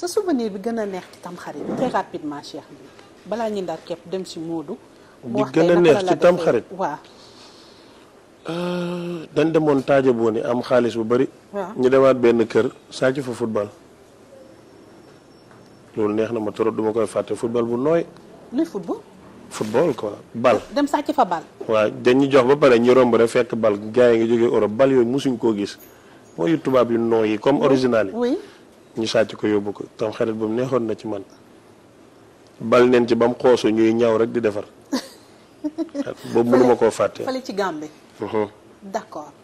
sa souvenir bi gën a neex ci tamxarit très balaa ñu ndar képp dem si Moodu. mu wax neex ci tamxarit waaw. Euh, dañ demoon taaja boo ni am xaalis bu bari. ñu demaat benn kër sàcc fa football. loolu neex na ma trop duma koy fàtte football bu nooy. luy football. football ko bal. dem sàcc fa bal. waaw dañ jox ba pare ñu romb rek fekk bal gars yi ngi jógee Europe bal yooyu mosuñ koo gis mooy tubaab yu nooy yi comme original yi. ñu sàcc ko yóbbu ko tam xarit bu mu neexoon na ci man bal neen ci ba mu xoosu ñuy ñaw rek di defar boobu mënuma koo fàttee fële ci Gàmbi. Mhm. d'accord.